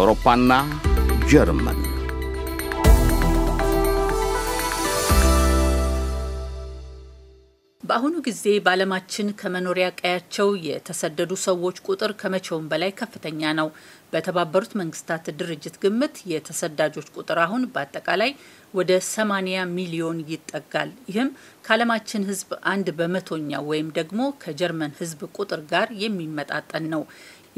አውሮፓና ጀርመን በአሁኑ ጊዜ በዓለማችን ከመኖሪያ ቀያቸው የተሰደዱ ሰዎች ቁጥር ከመቼውም በላይ ከፍተኛ ነው። በተባበሩት መንግስታት ድርጅት ግምት የተሰዳጆች ቁጥር አሁን በአጠቃላይ ወደ 80 ሚሊዮን ይጠጋል። ይህም ከዓለማችን ሕዝብ አንድ በመቶኛ ወይም ደግሞ ከጀርመን ሕዝብ ቁጥር ጋር የሚመጣጠን ነው።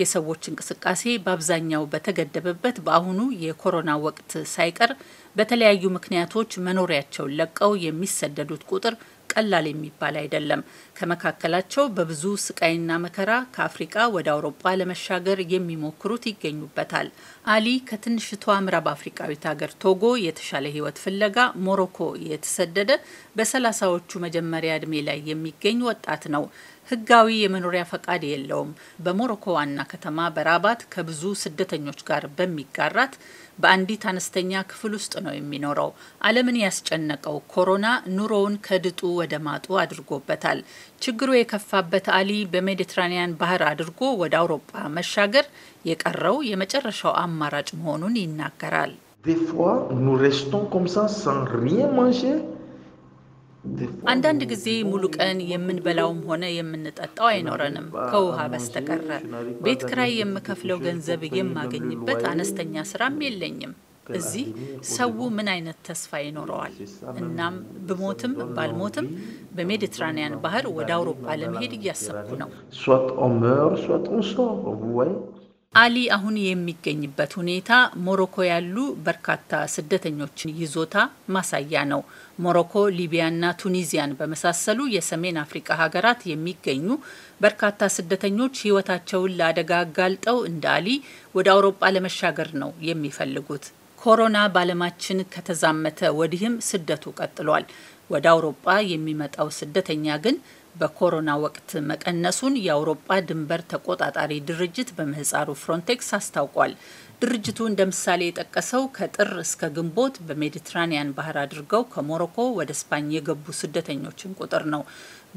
የሰዎች እንቅስቃሴ በአብዛኛው በተገደበበት በአሁኑ የኮሮና ወቅት ሳይቀር በተለያዩ ምክንያቶች መኖሪያቸውን ለቀው የሚሰደዱት ቁጥር ቀላል የሚባል አይደለም። ከመካከላቸው በብዙ ስቃይና መከራ ከአፍሪቃ ወደ አውሮፓ ለመሻገር የሚሞክሩት ይገኙበታል። አሊ ከትንሽቷ ምዕራብ አፍሪቃዊት ሀገር ቶጎ የተሻለ ሕይወት ፍለጋ ሞሮኮ የተሰደደ በሰላሳዎቹ መጀመሪያ እድሜ ላይ የሚገኝ ወጣት ነው። ህጋዊ የመኖሪያ ፈቃድ የለውም። በሞሮኮ ዋና ከተማ በራባት ከብዙ ስደተኞች ጋር በሚጋራት በአንዲት አነስተኛ ክፍል ውስጥ ነው የሚኖረው። ዓለምን ያስጨነቀው ኮሮና ኑሮውን ከድጡ ወደ ማጡ አድርጎበታል። ችግሩ የከፋበት አሊ በሜዲትራኒያን ባህር አድርጎ ወደ አውሮጳ መሻገር የቀረው የመጨረሻው አማራጭ መሆኑን ይናገራል። አንዳንድ ጊዜ ሙሉ ቀን የምንበላውም ሆነ የምንጠጣው አይኖረንም ከውሃ በስተቀረ። ቤት ክራይ የምከፍለው ገንዘብ የማገኝበት አነስተኛ ስራም የለኝም። እዚህ ሰው ምን አይነት ተስፋ ይኖረዋል? እናም ብሞትም ባልሞትም በሜዲትራኒያን ባህር ወደ አውሮፓ ለመሄድ እያሰብኩ ነው። አሊ አሁን የሚገኝበት ሁኔታ ሞሮኮ ያሉ በርካታ ስደተኞችን ይዞታ ማሳያ ነው። ሞሮኮ፣ ሊቢያና ቱኒዚያን በመሳሰሉ የሰሜን አፍሪካ ሀገራት የሚገኙ በርካታ ስደተኞች ሕይወታቸውን ለአደጋ አጋልጠው እንደ አሊ ወደ አውሮጳ ለመሻገር ነው የሚፈልጉት። ኮሮና በዓለማችን ከተዛመተ ወዲህም ስደቱ ቀጥሏል። ወደ አውሮጳ የሚመጣው ስደተኛ ግን በኮሮና ወቅት መቀነሱን የአውሮፓ ድንበር ተቆጣጣሪ ድርጅት በምህፃሩ ፍሮንቴክስ አስታውቋል። ድርጅቱ እንደ ምሳሌ የጠቀሰው ከጥር እስከ ግንቦት በሜዲትራኒያን ባህር አድርገው ከሞሮኮ ወደ ስፓኝ የገቡ ስደተኞችን ቁጥር ነው።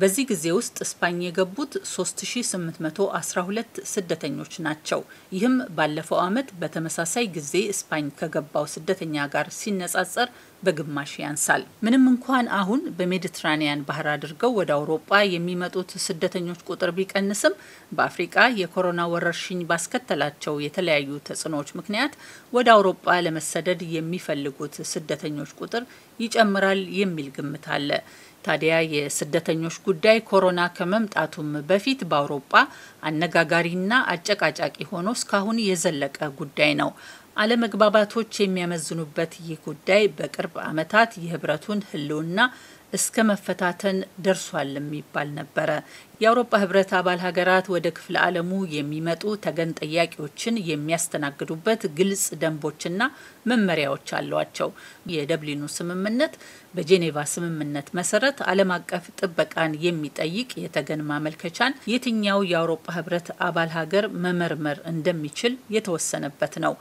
በዚህ ጊዜ ውስጥ ስፓኝ የገቡት 3812 ስደተኞች ናቸው። ይህም ባለፈው ዓመት በተመሳሳይ ጊዜ ስፓኝ ከገባው ስደተኛ ጋር ሲነጻጸር በግማሽ ያንሳል። ምንም እንኳን አሁን በሜዲትራኒያን ባህር አድርገው ወደ አውሮጳ የሚመጡት ስደተኞች ቁጥር ቢቀንስም በአፍሪቃ የኮሮና ወረርሽኝ ባስከተላቸው የተለያዩ ተጽዕኖዎች ምክንያት ወደ አውሮጳ ለመሰደድ የሚፈልጉት ስደተኞች ቁጥር ይጨምራል የሚል ግምት አለ። ታዲያ የስደተኞች ጉዳይ ኮሮና ከመምጣቱም በፊት በአውሮጳ አነጋጋሪና አጨቃጫቂ ሆኖ እስካሁን የዘለቀ ጉዳይ ነው። አለመግባባቶች የሚያመዝኑበት ይህ ጉዳይ በቅርብ ዓመታት የህብረቱን ህልውና እስከ መፈታተን ደርሷል የሚባል ነበረ። የአውሮፓ ህብረት አባል ሀገራት ወደ ክፍለ ዓለሙ የሚመጡ ተገን ጠያቂዎችን የሚያስተናግዱበት ግልጽ ደንቦችና መመሪያዎች አሏቸው። የደብሊኑ ስምምነት በጄኔቫ ስምምነት መሰረት ዓለም አቀፍ ጥበቃን የሚጠይቅ የተገን ማመልከቻን የትኛው የአውሮፓ ህብረት አባል ሀገር መመርመር እንደሚችል የተወሰነበት ነው።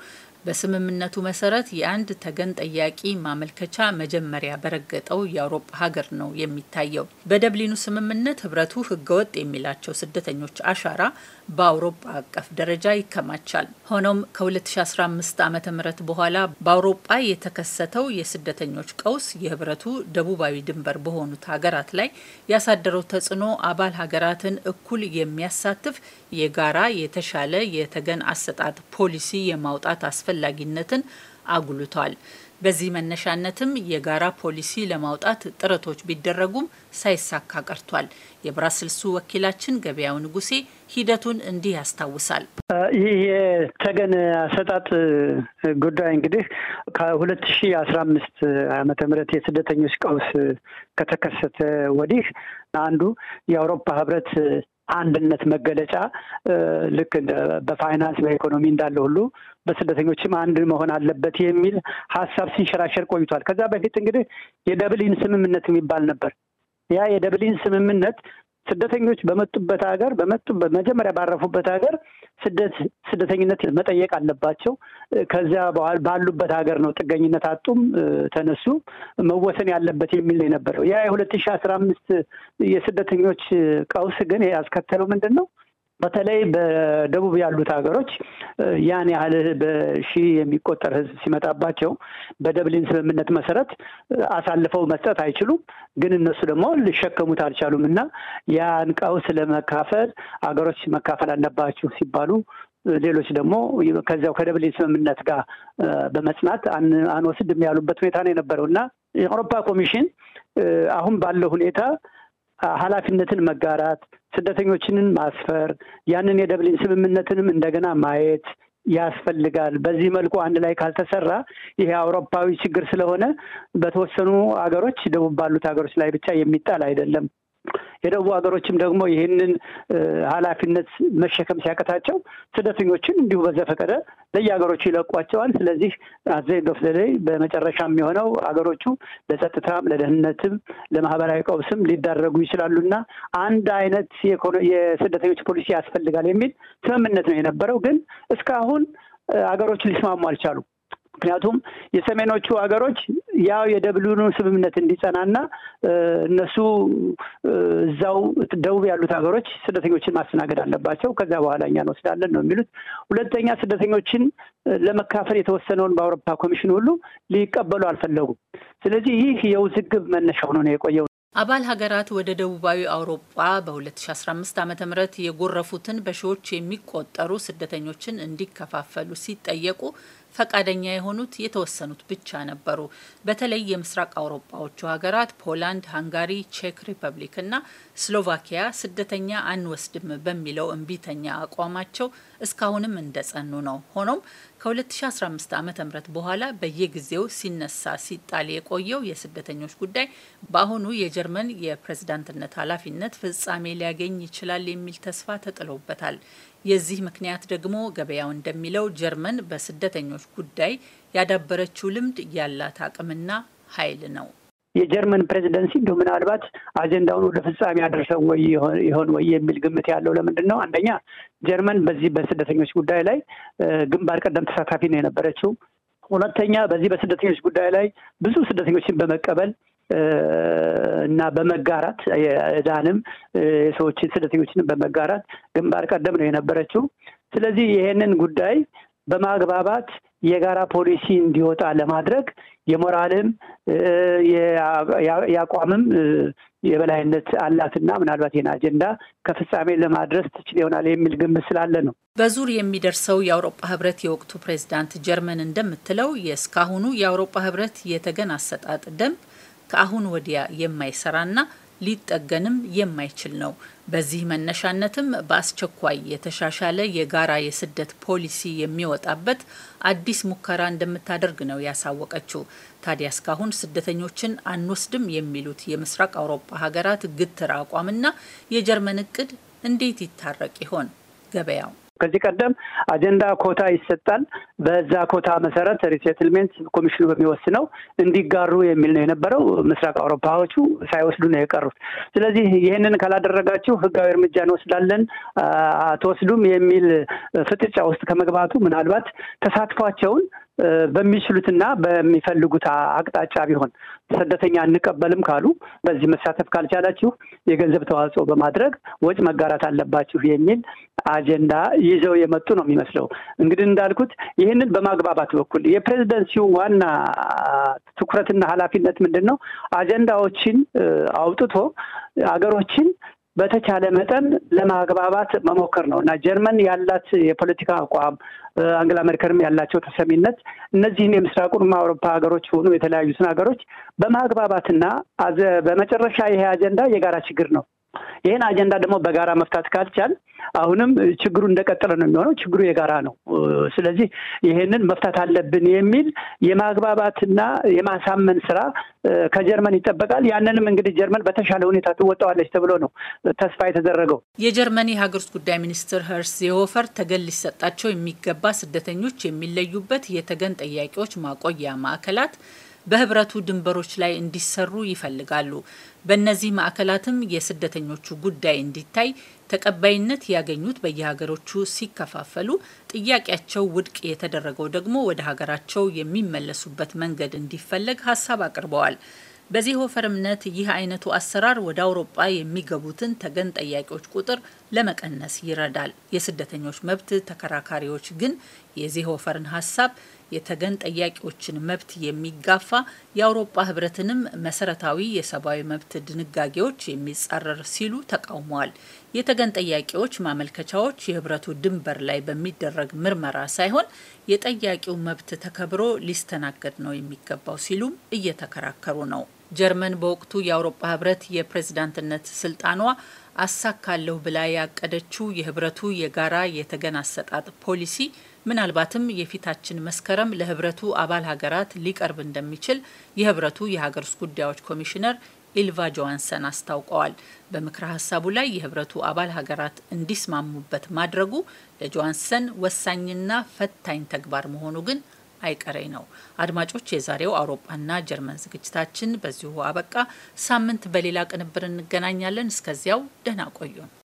በስምምነቱ መሰረት የአንድ ተገን ጠያቂ ማመልከቻ መጀመሪያ በረገጠው የአውሮፓ ሀገር ነገር ነው የሚታየው። በደብሊኑ ስምምነት ህብረቱ ህገወጥ የሚላቸው ስደተኞች አሻራ በአውሮፓ አቀፍ ደረጃ ይከማቻል። ሆኖም ከ2015 ዓ ም በኋላ በአውሮፓ የተከሰተው የስደተኞች ቀውስ የህብረቱ ደቡባዊ ድንበር በሆኑት ሀገራት ላይ ያሳደረው ተጽዕኖ አባል ሀገራትን እኩል የሚያሳትፍ የጋራ የተሻለ የተገን አሰጣጥ ፖሊሲ የማውጣት አስፈላጊነትን አጉልቷል። በዚህ መነሻነትም የጋራ ፖሊሲ ለማውጣት ጥረቶች ቢደረጉም ሳይሳካ ቀርቷል። የብራስልሱ ወኪላችን ገበያው ንጉሴ ሂደቱን እንዲህ ያስታውሳል። ይህ የተገን አሰጣጥ ጉዳይ እንግዲህ ከሁለት ሺ አስራ አምስት ዓመተ ምህረት የስደተኞች ቀውስ ከተከሰተ ወዲህ አንዱ የአውሮፓ ህብረት አንድነት መገለጫ ልክ በፋይናንስ በኢኮኖሚ እንዳለ ሁሉ በስደተኞችም አንድ መሆን አለበት የሚል ሀሳብ ሲንሸራሸር ቆይቷል። ከዛ በፊት እንግዲህ የደብሊን ስምምነት የሚባል ነበር። ያ የደብሊን ስምምነት ስደተኞች በመጡበት ሀገር በመጡበት መጀመሪያ ባረፉበት ሀገር ስደት ስደተኝነት መጠየቅ አለባቸው። ከዚያ ባሉበት ሀገር ነው ጥገኝነት አጡም ተነሱ መወሰን ያለበት የሚል ነው የነበረው። ያ የሁለት ሺ አስራ አምስት የስደተኞች ቀውስ ግን ያስከተለው ምንድን ነው? በተለይ በደቡብ ያሉት ሀገሮች ያን ያህል በሺህ የሚቆጠር ህዝብ ሲመጣባቸው በደብሊን ስምምነት መሰረት አሳልፈው መስጠት አይችሉም። ግን እነሱ ደግሞ ሊሸከሙት አልቻሉም እና ያን ቀውስ ለመካፈል ሀገሮች መካፈል አለባችሁ ሲባሉ ሌሎች ደግሞ ከዚያው ከደብሊን ስምምነት ጋር በመጽናት አንወስድም ያሉበት ሁኔታ ነው የነበረው እና የአውሮፓ ኮሚሽን አሁን ባለው ሁኔታ ኃላፊነትን መጋራት ስደተኞችንን ማስፈር ያንን የደብሊን ስምምነትንም እንደገና ማየት ያስፈልጋል። በዚህ መልኩ አንድ ላይ ካልተሰራ ይሄ አውሮፓዊ ችግር ስለሆነ በተወሰኑ ሀገሮች፣ ደቡብ ባሉት ሀገሮች ላይ ብቻ የሚጣል አይደለም። የደቡብ ሀገሮችም ደግሞ ይህንን ኃላፊነት መሸከም ሲያቀታቸው ስደተኞችን እንዲሁ በዘፈቀደ ለየሀገሮቹ ይለቋቸዋል። ስለዚህ አዘይ ፍለላይ በመጨረሻ የሚሆነው ሀገሮቹ ለጸጥታም፣ ለደህንነትም፣ ለማህበራዊ ቀውስም ሊዳረጉ ይችላሉና አንድ አይነት የስደተኞች ፖሊሲ ያስፈልጋል የሚል ስምምነት ነው የነበረው። ግን እስካሁን ሀገሮች ሊስማሙ አልቻሉ። ምክንያቱም የሰሜኖቹ ሀገሮች ያው የደብሊውኑ ስምምነት እንዲጸናና እነሱ እዛው ደቡብ ያሉት ሀገሮች ስደተኞችን ማስተናገድ አለባቸው። ከዛ በኋላ እኛ እንወስዳለን ነው የሚሉት። ሁለተኛ ስደተኞችን ለመካፈል የተወሰነውን በአውሮፓ ኮሚሽን ሁሉ ሊቀበሉ አልፈለጉም። ስለዚህ ይህ የውዝግብ መነሻ ሆኖ ነው የቆየው። አባል ሀገራት ወደ ደቡባዊ አውሮጳ በ2015 ዓ ም የጎረፉትን በሺዎች የሚቆጠሩ ስደተኞችን እንዲከፋፈሉ ሲጠየቁ ፈቃደኛ የሆኑት የተወሰኑት ብቻ ነበሩ። በተለይ የምስራቅ አውሮፓዎቹ ሀገራት ፖላንድ፣ ሃንጋሪ፣ ቼክ ሪፐብሊክ እና ስሎቫኪያ ስደተኛ አንወስድም በሚለው እምቢተኛ አቋማቸው እስካሁንም እንደጸኑ ነው። ሆኖም ከ2015 ዓ ም በኋላ በየጊዜው ሲነሳ ሲጣል የቆየው የስደተኞች ጉዳይ በአሁኑ የጀርመን የፕሬዝዳንትነት ኃላፊነት ፍጻሜ ሊያገኝ ይችላል የሚል ተስፋ ተጥሎበታል። የዚህ ምክንያት ደግሞ ገበያው እንደሚለው ጀርመን በስደተኞች ጉዳይ ያዳበረችው ልምድ ያላት አቅምና ኃይል ነው። የጀርመን ፕሬዚደንሲ እንዲሁ ምናልባት አጀንዳውን ወደ ፍጻሜ ያደርሰው ወይ ይሆን ወይ የሚል ግምት ያለው ለምንድን ነው? አንደኛ ጀርመን በዚህ በስደተኞች ጉዳይ ላይ ግንባር ቀደም ተሳታፊ ነው የነበረችው። ሁለተኛ በዚህ በስደተኞች ጉዳይ ላይ ብዙ ስደተኞችን በመቀበል እና በመጋራት ዕዳንም የሰዎችን ስደተኞችን በመጋራት ግንባር ቀደም ነው የነበረችው። ስለዚህ ይሄንን ጉዳይ በማግባባት የጋራ ፖሊሲ እንዲወጣ ለማድረግ የሞራልም የአቋምም የበላይነት አላትና ምናልባት ይህን አጀንዳ ከፍጻሜ ለማድረስ ትችል ይሆናል የሚል ግምት ስላለ ነው። በዙር የሚደርሰው የአውሮፓ ህብረት የወቅቱ ፕሬዚዳንት ጀርመን እንደምትለው የእስካሁኑ የአውሮፓ ህብረት የተገን አሰጣጥ ደንብ ከአሁን ወዲያ የማይሰራና ሊጠገንም የማይችል ነው። በዚህ መነሻነትም በአስቸኳይ የተሻሻለ የጋራ የስደት ፖሊሲ የሚወጣበት አዲስ ሙከራ እንደምታደርግ ነው ያሳወቀችው። ታዲያ እስካሁን ስደተኞችን አንወስድም የሚሉት የምስራቅ አውሮፓ ሀገራት ግትር አቋምና የጀርመን እቅድ እንዴት ይታረቅ ይሆን? ገበያው ከዚህ ቀደም አጀንዳ ኮታ ይሰጣል። በዛ ኮታ መሰረት ሪሴትልሜንት ኮሚሽኑ በሚወስነው እንዲጋሩ የሚል ነው የነበረው። ምስራቅ አውሮፓዎቹ ሳይወስዱ ነው የቀሩት። ስለዚህ ይህንን ካላደረጋችሁ ህጋዊ እርምጃ እንወስዳለን አትወስዱም የሚል ፍጥጫ ውስጥ ከመግባቱ ምናልባት ተሳትፏቸውን በሚችሉትና በሚፈልጉት አቅጣጫ ቢሆን ስደተኛ እንቀበልም ካሉ በዚህ መሳተፍ ካልቻላችሁ የገንዘብ ተዋጽኦ በማድረግ ወጭ መጋራት አለባችሁ የሚል አጀንዳ ይዘው የመጡ ነው የሚመስለው። እንግዲህ እንዳልኩት ይህንን በማግባባት በኩል የፕሬዚደንሲው ዋና ትኩረትና ኃላፊነት ምንድን ነው? አጀንዳዎችን አውጥቶ አገሮችን በተቻለ መጠን ለማግባባት መሞከር ነው እና ጀርመን ያላት የፖለቲካ አቋም አንግላ መርከልም ያላቸው ተሰሚነት እነዚህን የምስራቁን አውሮፓ ሀገሮች ሆኑ የተለያዩትን ሀገሮች በማግባባትና በመጨረሻ ይሄ አጀንዳ የጋራ ችግር ነው ይህን አጀንዳ ደግሞ በጋራ መፍታት ካልቻል አሁንም ችግሩ እንደቀጠለ ነው የሚሆነው። ችግሩ የጋራ ነው። ስለዚህ ይህንን መፍታት አለብን የሚል የማግባባትና የማሳመን ስራ ከጀርመን ይጠበቃል። ያንንም እንግዲህ ጀርመን በተሻለ ሁኔታ ትወጣዋለች ተብሎ ነው ተስፋ የተደረገው። የጀርመኒ ሀገር ውስጥ ጉዳይ ሚኒስትር ኸርስ ዜሆፈር ተገን ሊሰጣቸው የሚገባ ስደተኞች የሚለዩበት የተገን ጠያቂዎች ማቆያ ማዕከላት በህብረቱ ድንበሮች ላይ እንዲሰሩ ይፈልጋሉ። በእነዚህ ማዕከላትም የስደተኞቹ ጉዳይ እንዲታይ ተቀባይነት ያገኙት በየሀገሮቹ ሲከፋፈሉ ጥያቄያቸው ውድቅ የተደረገው ደግሞ ወደ ሀገራቸው የሚመለሱበት መንገድ እንዲፈለግ ሀሳብ አቅርበዋል። በዚህ ወፈር እምነት ይህ አይነቱ አሰራር ወደ አውሮጳ የሚገቡትን ተገን ጠያቂዎች ቁጥር ለመቀነስ ይረዳል። የስደተኞች መብት ተከራካሪዎች ግን የዚህ ወፈርን ሀሳብ የተገን ጠያቂዎችን መብት የሚጋፋ የአውሮፓ ህብረትንም መሰረታዊ የሰብአዊ መብት ድንጋጌዎች የሚጻረር ሲሉ ተቃውመዋል። የተገን ጠያቂዎች ማመልከቻዎች የህብረቱ ድንበር ላይ በሚደረግ ምርመራ ሳይሆን የጠያቂው መብት ተከብሮ ሊስተናገድ ነው የሚገባው ሲሉም እየተከራከሩ ነው። ጀርመን በወቅቱ የአውሮፓ ህብረት የፕሬዝዳንትነት ስልጣኗ አሳካለሁ ብላ ያቀደችው የህብረቱ የጋራ የተገን አሰጣጥ ፖሊሲ ምናልባትም የፊታችን መስከረም ለህብረቱ አባል ሀገራት ሊቀርብ እንደሚችል የህብረቱ የሀገር ውስጥ ጉዳዮች ኮሚሽነር ኢልቫ ጆሃንሰን አስታውቀዋል። በምክረ ሀሳቡ ላይ የህብረቱ አባል ሀገራት እንዲስማሙበት ማድረጉ ለጆሃንሰን ወሳኝና ፈታኝ ተግባር መሆኑ ግን አይቀሬ ነው። አድማጮች፣ የዛሬው አውሮፓና ጀርመን ዝግጅታችን በዚሁ አበቃ። ሳምንት በሌላ ቅንብር እንገናኛለን። እስከዚያው ደህና ቆዩን።